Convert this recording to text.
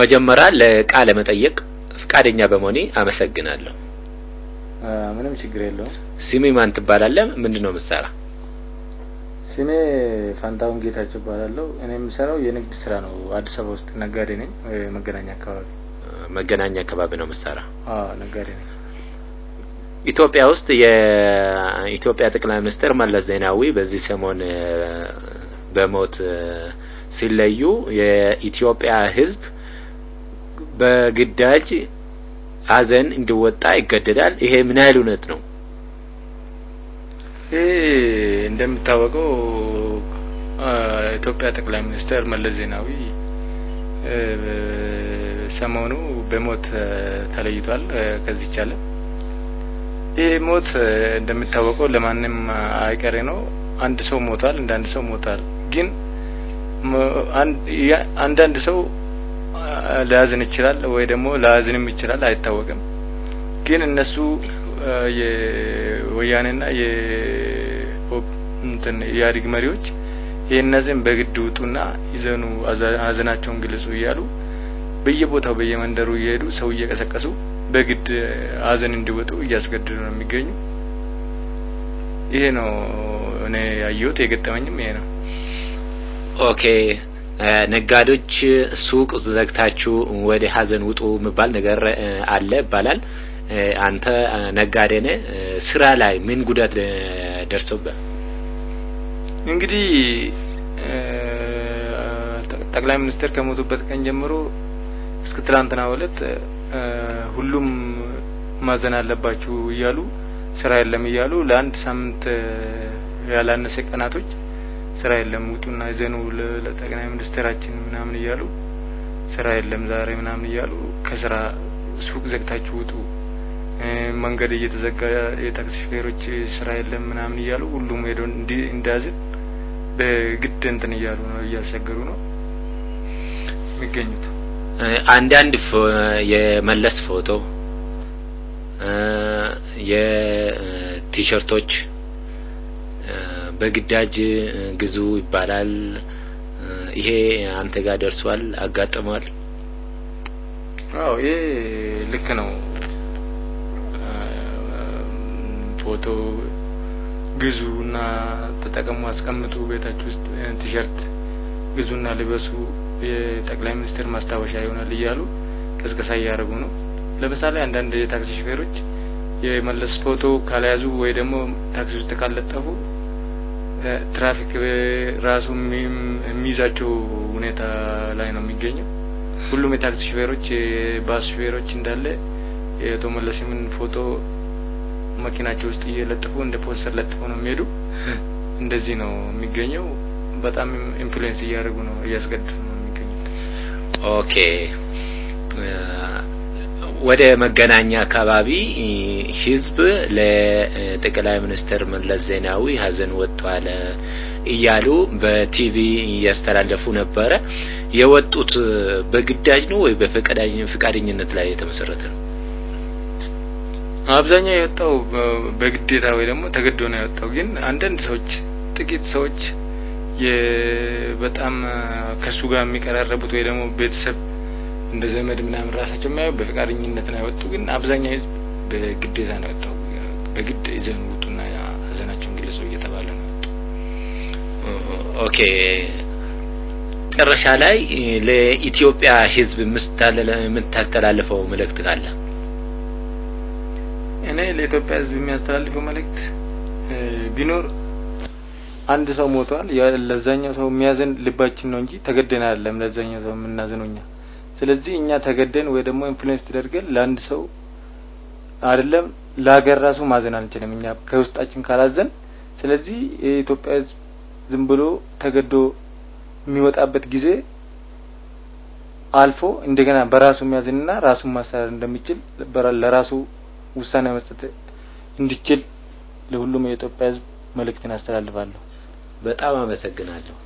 መጀመሪያ ለቃለ መጠየቅ ፍቃደኛ በመሆኔ አመሰግናለሁ። ምንም ችግር የለውም። ስሜ ማን ትባላለህ? ምንድነው የምትሰራ? ስሜ ፋንታውን ጌታቸው እባላለሁ። እኔ የምሰራው የንግድ ስራ ነው። አዲስ አበባ ውስጥ ነጋዴ ነኝ። መገናኛ አካባቢ መገናኛ አካባቢ ነው የምሰራ። ነጋዴ ነኝ። ኢትዮጵያ ውስጥ የኢትዮጵያ ጠቅላይ ሚኒስትር መለስ ዜናዊ በዚህ ሰሞን በሞት ሲለዩ የኢትዮጵያ ሕዝብ በግዳጅ ሀዘን እንዲወጣ ይገደዳል። ይሄ ምን ያህል እውነት ነው? ይህ እንደሚታወቀው ኢትዮጵያ ጠቅላይ ሚኒስትር መለስ ዜናዊ ሰሞኑ በሞት ተለይቷል ከዚህ ዓለም። ይህ ሞት እንደሚታወቀው ለማንም አይቀሬ ነው። አንድ ሰው ሞቷል፣ እንደ አንድ ሰው ሞቷል። ግን አንዳንድ ሰው ሊያዝን ይችላል ወይ ደግሞ ላያዝንም ይችላል አይታወቅም። ግን እነሱ የወያኔና እንትን የኢህአዴግ መሪዎች የእነዚህን በግድ ውጡና ይዘኑ ሀዘናቸውን ግልጹ እያሉ በየቦታው በየመንደሩ እየሄዱ ሰው እየቀሰቀሱ በግድ ሀዘን እንዲወጡ እያስገድዱ ነው የሚገኙ። ይሄ ነው እኔ ያየሁት፣ የገጠመኝም ይሄ ነው። ኦኬ ነጋዴዎች ሱቅ ዘግታችሁ ወደ ሀዘን ውጡ የሚባል ነገር አለ ይባላል። አንተ ነጋዴነ ስራ ላይ ምን ጉዳት ደርሶበ? እንግዲህ ጠቅላይ ሚኒስትር ከሞቱበት ቀን ጀምሮ እስከ ትላንትና ዕለት ሁሉም ማዘን አለባችሁ እያሉ ስራ የለም እያሉ ለአንድ ሳምንት ያላነሰ ቀናቶች ስራ የለም ውጡና ዘኑ ለጠቅላይ ሚኒስትራችን ምናምን እያሉ ስራ የለም ዛሬ ምናምን እያሉ ከስራ ሱቅ ዘግታችሁ ውጡ፣ መንገድ እየተዘጋ የታክሲ ሹፌሮች ስራ የለም ምናምን እያሉ ሁሉም ሄዶ እንዳያዝን በግድ እንትን እያሉ ነው እያስቸገሩ ነው የሚገኙት። አንዳንድ የመለስ ፎቶ የቲሸርቶች በግዳጅ ግዙ ይባላል። ይሄ አንተ ጋር ደርሷል አጋጥሟል? አዎ ይሄ ልክ ነው። ፎቶ ግዙ እና ተጠቀሙ፣ አስቀምጡ ቤታችሁ ውስጥ ቲሸርት ግዙና ልበሱ፣ የጠቅላይ ሚኒስትር ማስታወሻ ይሆናል እያሉ ቅስቀሳ እያደረጉ ነው። ለምሳሌ አንዳንድ የታክሲ ሹፌሮች የመለስ ፎቶ ካልያዙ ወይ ደግሞ ታክሲ ውስጥ ካልለጠፉ ትራፊክ ራሱ የሚይዛቸው ሁኔታ ላይ ነው የሚገኘው። ሁሉም የታክሲ ሹፌሮች፣ የባስ ሹፌሮች እንዳለ የአቶ መለስምን ፎቶ መኪናቸው ውስጥ እየለጥፉ እንደ ፖስተር ለጥፎ ነው የሚሄዱ። እንደዚህ ነው የሚገኘው። በጣም ኢንፍሉዌንስ እያደረጉ ነው፣ እያስገድፉ ነው የሚገኙት። ኦኬ ወደ መገናኛ አካባቢ ህዝብ ለጠቅላይ ሚኒስትር መለስ ዜናዊ ሀዘን ወጥቷል እያሉ በቲቪ እያስተላለፉ ነበረ። የወጡት በግዳጅ ነው ወይ በፈቃደኝነት ላይ የተመሰረተ ነው? አብዛኛው የወጣው በግዴታ ወይ ደግሞ ተገዶ ነው የወጣው። ግን አንዳንድ ሰዎች ጥቂት ሰዎች በጣም ከእሱ ጋር የሚቀራረቡት ወይ ደግሞ ቤተሰብ እንደ ዘመድ ምናምን ራሳቸው የሚያዩ በፈቃደኝነት ነው ያወጡ። ግን አብዛኛው ህዝብ በግዴታ ነው ያወጣው። በግድ ይዘን ውጡና ሀዘናቸውን ግለጹ እየተባለ ነው። ኦኬ መጨረሻ ላይ ለኢትዮጵያ ህዝብ የምታስተላልፈው መልእክት ካለ? እኔ ለኢትዮጵያ ህዝብ የሚያስተላልፈው መልእክት ቢኖር አንድ ሰው ሞቷል። ለዛኛው ሰው የሚያዘን ልባችን ነው እንጂ ተገደን አይደለም። ለዛኛው ሰው የምናዘነው እኛ ስለዚህ እኛ ተገደን ወይ ደግሞ ኢንፍሉዌንስ ተደርገን ለአንድ ሰው አይደለም ለሀገር ራሱ ማዘን አንችልም እኛ ከውስጣችን ካላዘን። ስለዚህ የኢትዮጵያ ህዝብ ዝም ብሎ ተገዶ የሚወጣበት ጊዜ አልፎ እንደገና በራሱ የሚያዝንና ራሱን ማስተዳደር እንደሚችል ለራሱ ውሳኔ መስጠት እንዲችል ለሁሉም የኢትዮጵያ ህዝብ መልእክትን አስተላልፋለሁ። በጣም አመሰግናለሁ።